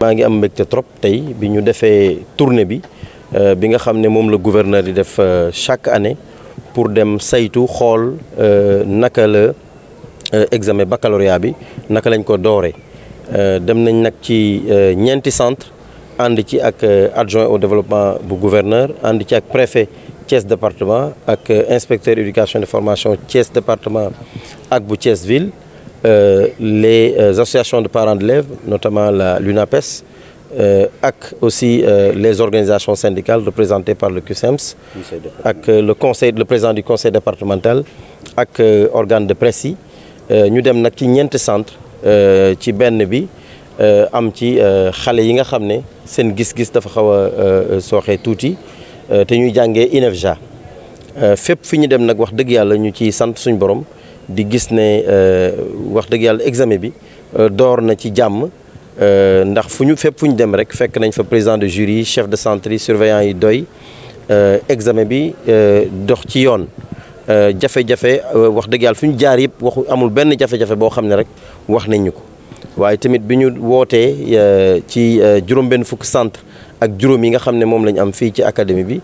maa ngi am mbégte trop tey bi ñu defee tournée bi euh, bi nga xam ne moom la gouverneur di def euh, chaque année pour dem saytu xool euh, naka la examen baccalauréat bi naka lañ ko dooree dem nañ nag ci ñeenti centre ànd ci ak adjoint au développement bu gouverneur ànd ci ak préfet Thiès département ak inspecteur éducation de formation Thiès département ak bu Thiès ville Euh, les euh, associations de parents d'élèves, notamment l'UNAPES, euh, ak aussi euh, les organisations syndicales représentées par le QSEMS, e ak euh, le conseil le président du conseil départemental ak euh, organe de presse yi ñu dem nag ci ñeenti centre ci benn bi am ci xale yi nga xam ne seen gis-gis dafa xaw a sooxee tuuti te ñuy jàngee INEFJA fépp fi ñu dem nag wax dëgg yàlla ñu ci sant suñu borom di gis ne euh, wax dëgg yàlla examen bi euh, door na ci jàmm euh, ndax fu ñu fépp fu ñu dem rek fekk nañ fa président de jury chef de centre yi surveillant yi doy examen bi dox ci yoon jafe-jafe wax dëgg yàlla fu ñu jaar yëpp waxu amul benn jafe-jafe boo xam ne rek wax nañ ñu ko waaye tamit bi ñu wootee ci juróom-benn fukk centre ak juróom yi nga xam ne moom la ñu am fii ci académie bi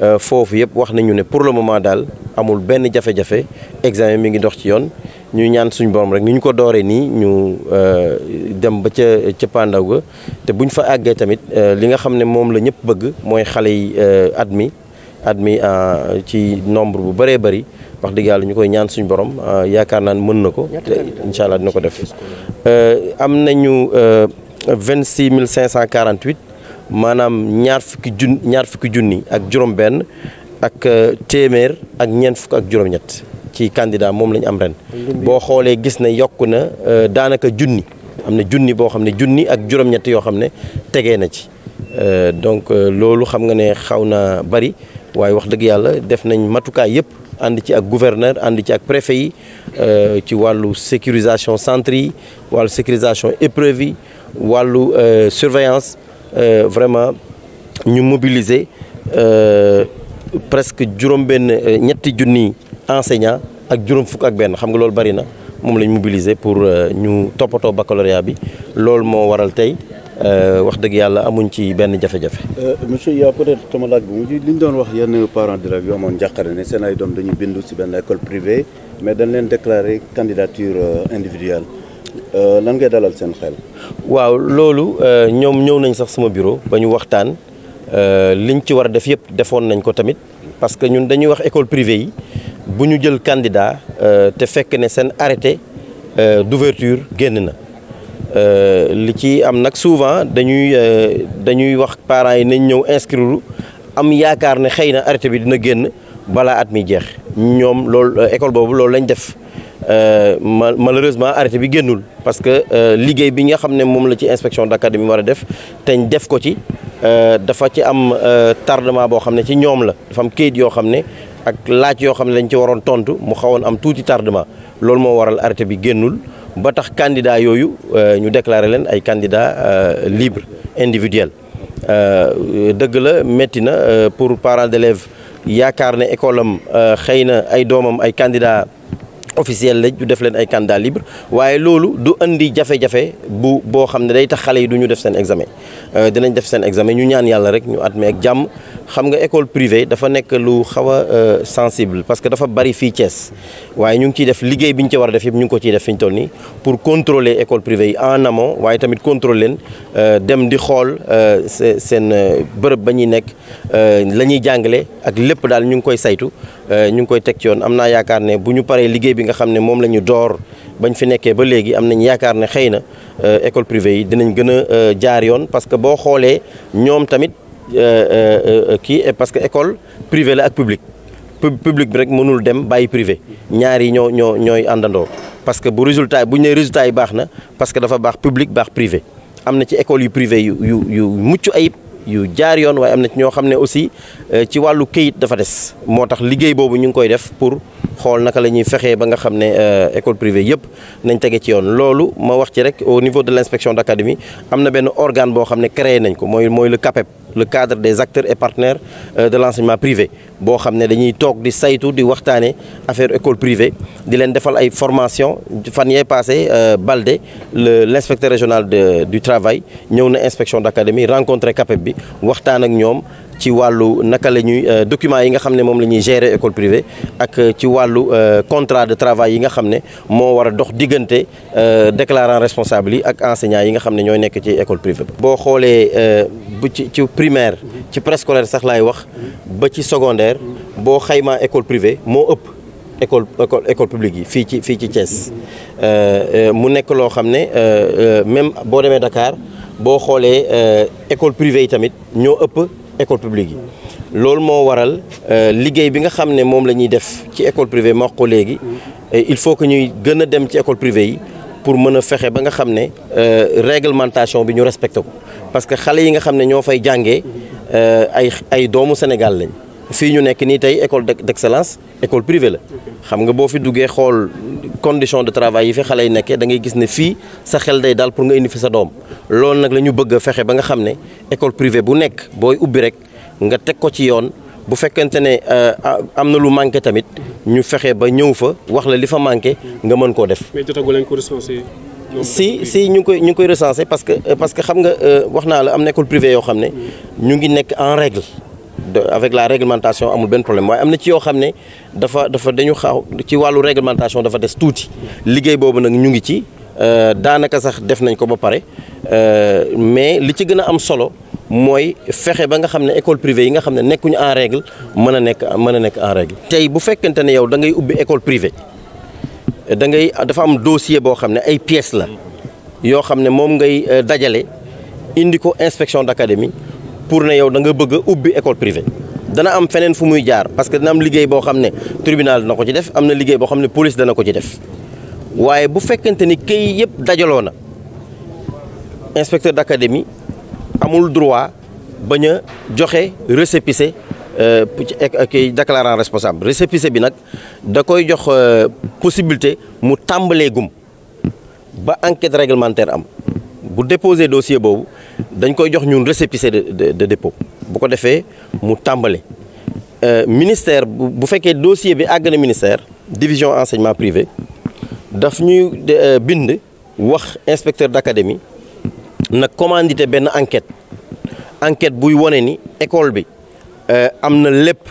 Euh, foofu yëpp wax nañu ne pour le moment daal amul benn jafe-jafe examen mi ngi dox ci yoon ñu ñaan suñu borom rek ni ñu ko dooree nii ñu euh, dem ba ca ca ga te buñ fa àggee tamit euh, li nga xam ne moom la ñëpp bëgg mooy xale yi admis admis ci nombre bu baree bari wax dëgg yàlla ñu koy ñaan suñu borom yaakaar naan mën na ko te incha allah dina ko def am nañu vingt six mille cinq cent quarante maanaam ñaar fukki ñaar fukki junni ak juróom-benn ak euh, téeméer ak ñeent fukk ak juróom-ñett ci candidat moom la ñu am ren. boo xoolee gis na yokk euh, na daanaka junni am na junni boo xam ne junni ak juróom-ñett yoo xam ne tegee na ci euh, donc loolu xam nga ne xaw na bari waaye wax dëgg yàlla def nañ matukaay yëpp. ànd ci ak gouverneur ànd ci ak préfet yi ci wàllu sécurisation centre yi wàllu sécurisation épreuve yi wàllu surveillance. Euh, vraiment ñu mobiliser euh, presque juróom-benn euh, ñetti junni enseignants ak juróom fukk ak benn xam nga loolu bari na moom lañ mobiliser pour ñu toppatoo baccalauréat bi loolu moo waral tey wax dëgg yàlla amuñ ci benn jafe-jafe. monsieur yaa peut-être sama laaj bu mujj li ñu doon wax yenn parents d'élèves yu amoon njàqare ne seen ay doom dañu bindu si benn école privée mais dañ leen déclarer candidature individuelle. Euh, lan ngay dalal seen xel. waaw loolu euh, ñoom ñëw nañ sax suma bureau ba ñu waxtaan li euh, liñ ci war a def yëpp defoon nañ ko tamit parce que ñun dañuy wax école privée yi bu ñu jël candidat te fekk ne seen arrêté d'ouverture génn na. li ci am nag souvent dañuy dañuy wax parents yi nañ ñëw inscrire am yaakaar ne xëy na arrêté bi dina génn balaa at mi jeex ñoom loolu école boobu loolu lañ def. Euh, malheureusement arrêté bi génnul parce que euh, liggéey bi nga xam ne moom la ci inspection d'académie war a def teñ def ko ci euh, dafa ci am tardement boo xam ne ci ñoom la dafa am kayit yoo xam ne ak laaj yoo xam ne dañ ci waroon tontu mu xawoon am tuuti tardement loolu moo waral arrêté bi génnul ba tax candidat yooyu ñu déclaré leen ay candidat libre individuel dëgg la métti na pour parents d'élèves yaakaar ne école am xëy na ay doomam ay candidat officiel lañ ñu def leen ne day tax xale yi du ñu def seen examen euh, dinañ def seen examen ñu ñaan yàlla rek ñu admis ak xam nga école privée dafa nekk lu xaw a euh, sensible parce que dafa bari fii Thiès waaye ñu ngi ciy def liggéey bi ñu war a def yëpp ñu ngi ko ciy def fi ñu toll pour contrôler école privée yi en amont waaye tamit contrôler leen euh, dem di xool seen bërëb ba ñuy nekk la ñuy jàngale ak lépp daal ñu ngi koy saytu ñu ngi koy teg ci yoon am naa yaakaar ne bu ñu paree liggéey bi nga xam ne moom la ñu door bañ fi nekkee ba léegi am nañ yaakaar ne xëy na euh, école privée yi dinañ gën a euh, jaar yoon parce que boo xoolee ñoom tamit euh, kii parce que école privée la ak public public bi rek mënul dem bàyyi privé ñaari yi ñoo ñooy àndandoo parce que bu résultat bu ñu nee résultat yi baax na parce que dafa baax public baax privé am na ci école yu privé yu yu yu mucc ayib yu jaar yoon waaye am na ci ñoo xam ne aussi euh, ci wàllu kayit dafa des moo tax liggéey boobu ñu ngi koy def pour xool naka la ñuy fexee ba nga xam ne euh, école privée yëpp nañ tege ci yoon loolu ma wax ci rek au niveau de l' inspection d' académie am na benn organe boo xam ne créé nañ ko mooy mooy le CAPEP le cadre des acteurs et partenaires euh, de l'enseignement privé boo xam ne dañuy toog di saytu di waxtaane affaire école privée di leen defal ay formation fan yee passé euh, Balde le l'inspecteur régional de du travail ñëw na inspection d'académie rencontrer CAPEB bi waxtaan ak ñoom ci wàllu naka la ñuy euh, documents yi nga xam ne moom la ñuy gérer école privée ak euh, ci wàllu euh, contrat de travail yi nga xam ne moo war a dox diggante déclarant responsable yi ak enseignants yi nga xam ne ñooy nekk ci école privée ba boo xoolee bu ci ci primaire ci préscolaire sax laay wax ba ci secondaire boo xayma école privée moo ëpp école école école publique yi fii ci fii ci Thiès mu nekk loo xam ne même boo demee Dakar boo xoolee école privée yi tamit ñoo ëpp école publique yi loolu moo waral euh, liggéey bi nga xam ne moom la ñuy def ci école privée ma wax ko léegi il faut que ñuy gën a dem ci école privée yi pour mën a fexe ba nga xam ne euh, réglementation bi ñu respecté ko parce que xale yi nga xam ne ñoo fay jàngee euh, ay ay doomu Sénégal lañ fii ñu nekk nii tey école d'excellence école privée la xam nga boo fi duggee xool condition de travail yi fi xale yi nekkee da ngay gis ne fii sa xel day daal pour nga indi fi sa doom loolu nag la ñu bëgg a fexe ba nga xam ne école privée bu nekk booy ubbi rek nga teg ko ci yoon bu fekkente ne euh, am na lu manqué tamit ñu fexe ba ñëw fa wax la li fa manqué nga mën koo def. mais jotagu leen ko recensé. si si ñu ngi koy ñu ngi koy recensé parce que euh, parce que xam nga euh, wax naa la am na école privée yoo xam ne ñu ngi nekk en règle. avec la réglementation amul benn problème waaye am na ci yoo xam ne dafa dafa dañu xaaw ci wàllu réglementation dafa des tuuti liggéey boobu nag ñu ngi ci euh, daanaka sax def nañ ko ba pare euh, mais li ci gën a am solo mooy fexe ba nga xam ne école privée yi nga xam ne nekkuñu en régle mën a nekk mën a nekk en règle tey bu fekkente ne yow dangay ubbi école privée da ngay dafa am dossier boo xam ne ay pièces la yoo xam ne moom ngay euh, dajale indi ko inspection d'académie pour ne yow da nga bëgg ubbi école privée dana am feneen fu muy jaar parce que dana am liggéey boo xam ne tribunal dana ko ci def am na liggéey boo xam ne police dana ko ci def waaye bu fekkente ni kay yëpp dajaloo na inspecteur d'académie amul droit ba a joxe récépissé euh, e-, ki déclarant responsable récépissé bi nag da koy jox euh, possibilité mu tàmbaleegum ba enquête réglementaire am bu déposé dossier boobu dañ koy jox ñun récépissé de de dépôt bu ko defee mu tàmbale euh, ministère bu fekkee dossier bi àgg na ministère division enseignement privé daf ñuy euh, bind wax inspecteur d'académie na commandité benn enquête enquête buy wone ni école bi euh, am na lépp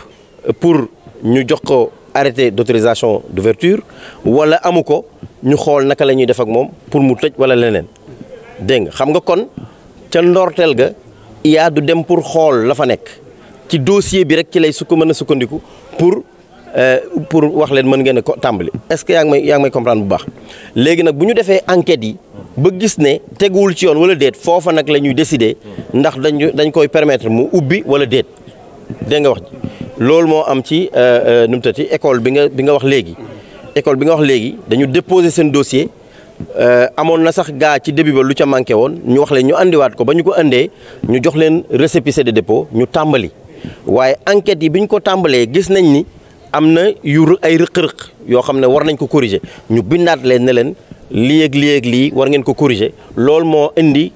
pour ñu jox ko arrêté d'autorisation d'ouverture wala amu ko ñu xool naka la ñuy def ak moom pour mu tëj wala leneen dégg xam nga kon ca ndorteel ga yaa du dem pour xool la fa nekk ci dossier bi rek ci lay su ko mën a sukkandiku pour euh, pour wax leen mën ngeen a ko tàmbali. est-ce que yaa ngi may yaa may comprendre bu baax léegi nag bu ñu defee enquêtes yi ba gis ne teguwul ci yoon wala déet foofa nag la ñuy décider ndax dañu dañ koy permettre mu ubbi wala déet dégg nga wax ji loolu moo am ci euh, euh, nu mu tati école bi nga bi nga wax léegi école bi nga wax léegi dañu déposer seen dossier. Euh, amoon na sax gaa ci début ba lu ca manqué woon ñu wax leen ñu andiwaat ko ba ñu ko andee ñu jox leen récépissé de dépôt ñu tàmbali waaye enquêtes yi bi ñu ko tàmbalee gis nañ ni am na yu ay rëq-rëq yoo xam ne war nañ ko corriger ñu bindaat leen ne leen lii ak lii ak lii war ngeen ko corriger loolu moo indi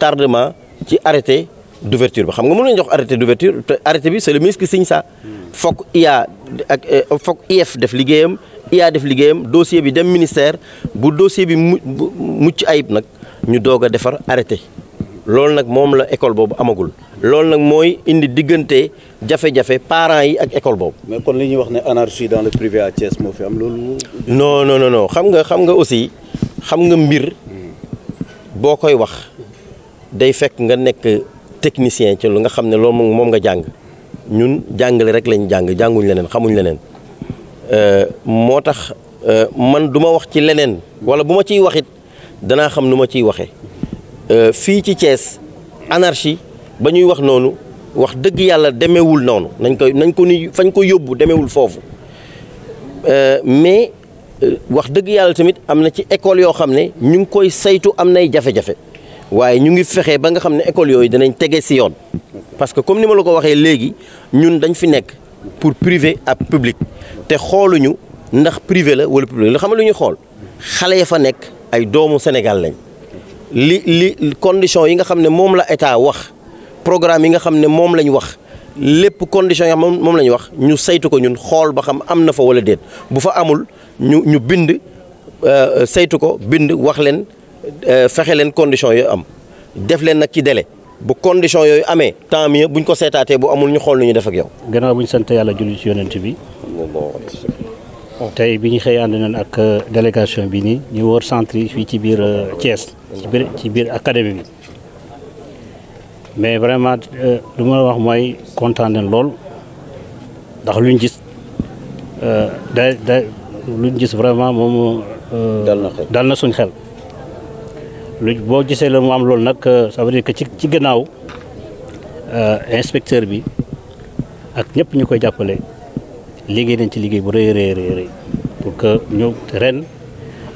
tardement ci arrêté d'ouverture bi xam nga mën nañ jox arrêté d'ouverture te arrêté bi c'est le ministre qui signe ça. foog IA ak euh, foog IF def liggéeyam. yaa def liggéeyam dossier bi dem ministère bu dossier bi mu mucc ayib nag ñu doog a defar arrêté loolu nag moom la école boobu amagul loolu nag mooy indi diggante jafe-jafe parents yi ak école boobu. mais kon li ñuy wax ne anarchie dans le privé moo fi am loolu. non non non xam nga xam nga aussi xam nga mbir boo koy wax day fekk nga nekk technicien ci lu nga xam ne loolu moom nga jàng ñun jàngale rek lañ jàng jànguñ leneen xamuñ leneen. Euh, moo tax euh, man duma wax ci leneen wala bu ma ciy waxit danaa xam nu ma ciy waxee euh, fii ci cees anarchie ba ñuy wax noonu wax dëgg yàlla demeewul noonu nañ koy nañ ko ni fañ ko yóbbu demeewul foofu mais wax dëgg yàlla tamit am na ci école yoo xam ne ñu ngi koy saytu am nay jafe-jafe waaye ñu ngi fexe ba nga xam ne école yooyu danañ tege si yoon parce que comme ni ma la ko waxee léegi ñun dañ fi nekk pour privé ak public te xooluñu ndax privé la wala public la xam nga lu ñu xool xale ya fa nekk ay doomu Sénégal lañ li li condition yi nga xam ne moom la état wax programme yi nga xam ne moom lañ wax lépp condition yi nga xam moom wax ñu saytu ko ñun xool ba xam am na fa wala déet bu fa amul ñu ñu bind euh, euh, saytu ko bind wax leen euh, fexe leen condition yooyu am def leen nag ci délai bu condition yooyu amee tant mieux buñ ko seetaatee bu amul ñu xool nu ñu def yow. gannaaw buñ sant yàlla julli ci yonent bi. sallallahu alayhi wa tey bi ñu xëy ànd ak euh, délégation bi nii ñu wër centre yi fii ci biir euh, Thiès ci biir ci biir académie bi mais vraiment euh, lu ma wax mooy kontaan lool ndax luñ gis da gis vraiment moom. dal na dal na suñ xel. lu boo gisee la mu am loolu nag ça veut dire ci ci gannaaw inspecteur bi ak ñëpp ñu koy jàppale liggéey nañ ci liggéey bu rëy rëy rëy pour que ñu ren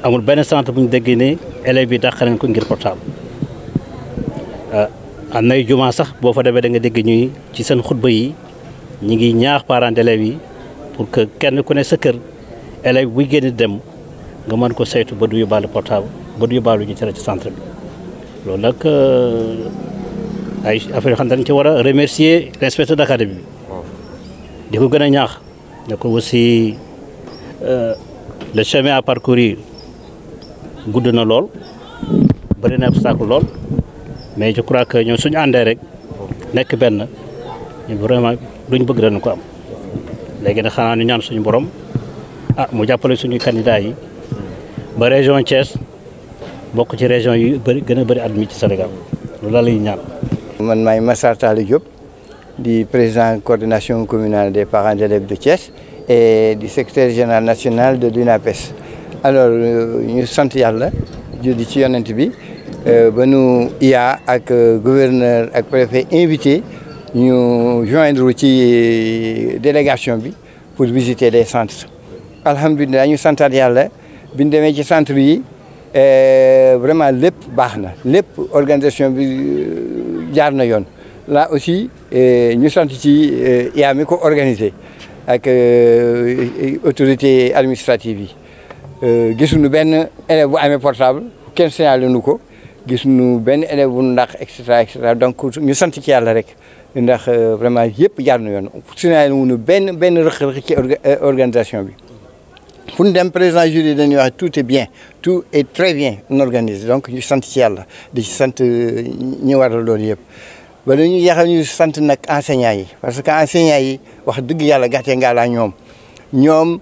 amul benn centre bu ñu déggee ne élèves yi dàq nañ ko ngir portable ah, am nay jumaa sax boo fa demee da nga dégg ñuy ci seen xutba yi ñu ngi ñaax parents d'élèves yi pour que kenn ku ne sa kër élève buy génn dem nga mën ko seytu ba du bal portable ba du yóbbaale ñu tere ci centre bi loolu nag euh, ay affaire yoo xam ne dañ ci war a remercier l'inspecteur d'académie bi di ko gën a ñaax donc aussi euh, le chemin à parcourir gudd na lool bëri na obstacle lool mais je crois que ñoom suñu àndee rek nekk benn ñu vraiment luñ bëgg dañu ko am léegi nag xanaa ñu ñaan suñu borom ah mu jàppale suñu candidat yi ba région Thiès bokk ci région yi bëri gën a bëri admis ci Sénégal loolu la lay ñaan. man maay Massar Tali di président de communal communale des parents d'élèves de Thiès et di secrétaire général national de l'UNAPES alors euh, ñu sant yàlla judi ci yonent bi euh, ba nu IA ak euh, gouverneur ak préfet invité ñu joindre ci délégation bi pour visiter les centres alhamdulilah ñu santar yàlla bi ñu demee ci centre yi vraiment lépp baax na lépp organisation bi jaar na yoon aussi ñu sant ci ya euh, mi ko organisé ak euh, autorité administrative yi euh, gisuñu benn élève bu amee portable kenn signalé nu ko gisuñu benn élève bu ndax et cetera et cetera donc ñu sant ci yàlla rek ndax vraiment yëpp jaar na yoon signalé wuñu benn benn rëq-rëq ci organisation bi fu ñu dem président jury dañuy wax tout est bien tout est très bien organisé donc ñu sant ci yàlla di ci sant ñi waral loolu yëpp ba dañuy yaxal ñu sant nag enseignants yi parce que enseignants yi wax dëgg yàlla gàcce ngaa laa ñoom ñoom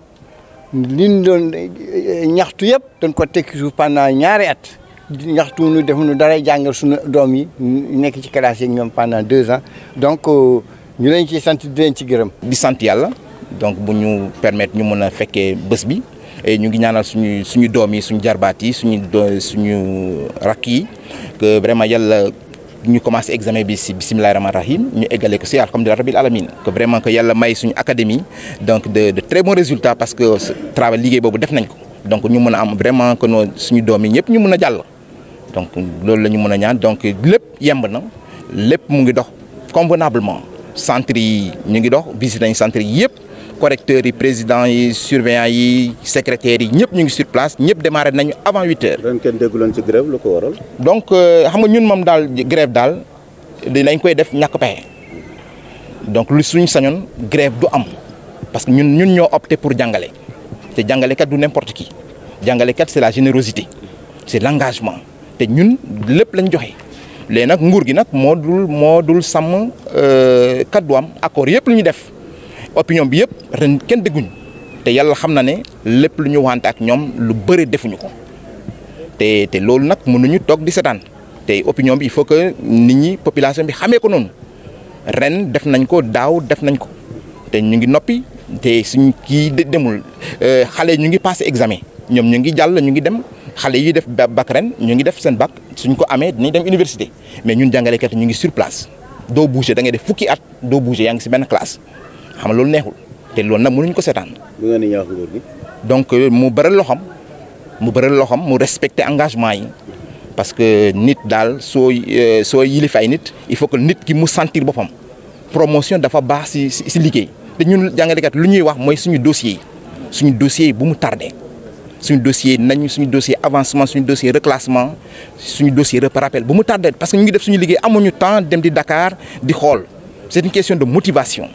liñ doon eh, ñaxtu yëpp dañ ko tekki suuf pendant ñaari at ñaxtu nu def nu dara jàngal suñu doom yi nekk ci classe yi ñoom pendant deux ans donc euh, ñu leen ci sant di ci gërëm di sant yàlla donc bu ñu permettre ñu mun a fekkee bës bi et ñu ngi ñaanal suñu suñu doom yi suñu jarbaat yi suñu suñu rakk yi que vraiment yàlla ñu commencé examen bi si bisimilah rahmaani rahim ñu eggale ko si alhamdulilah rabil alamin que vraiment que yàlla may suñu académie donc de très bons résultats parce que travail liggéey boobu def nañ ko donc ñu mën a am vraiment que no suñu doom yi ñëpp ñu mën a jàll. donc loolu la ñu mën a ñaan donc lépp yemb na lépp mu ngi dox convenablement centre yi ñu ngi dox visite nañ centre yi yëpp. correcteurs yi présidents yi surveillants yi secrétaires yi ñëpp ñu ngi sur place ñëpp démarré nañu avant huit heures. ren kenn dégguloon ci ko waral. donc euh, xam nga ñun moom daal grève daal dinañ koy def ñàkk pexe donc lu suñ sañoon grève du am parce que ñun ñun ñoo opté pour jàngale te jàngalekat du n'importe ki jàngalekat c'est la générosité c'est l'engagement te ñun lépp lañ joxe. léegi nag nguur gi nag moo dul moo dul sàmm du euh, am accord yëpp lu ñu def opinion bi yëpp ren kenn dégguñu te yàlla xam na ne lépp lu ñu wante ak ñoom lu bëri defuñu ko te te loolu nag mun mënuñu toog di setaan te opinion bi il faut que nit ñi population bi xamee ko noonu ren def nañ ko daaw def nañ ko te ñu ngi noppi te suñ kii demul euh, xale ñu ngi passé examen ñoom ñu ngi jàll ñu ngi dem xale yi def bac ren ñu ngi def seen bac suñ ko amee dinañ dem université mais ñun jàngalekat ñu ngi sur place doo bouger da ngay def fukki at doo yaa ngi si benn classe. xam nga loolu neexul te loolu nag mënuñ ko seetaan. lu ngeen donc euh, mu bëri loxam mu bëri loxam mu respecter engagement yi parce que nit daal soo euh, soo yilif ay nit il faut que nit ki mu sentir boppam promotion dafa baax si si liggéey te ñun jàngalekat lu ñuy wax mooy suñu dossier yi suñu dossier bu mu tardé suñu dossier nañu suñu dossier avancement suñu dossier reclassement suñu dossier rappel bu mu tardé parce que ñu ngi def suñu liggéey amuñu temps dem di Dakar di xool c'est une question de motivation.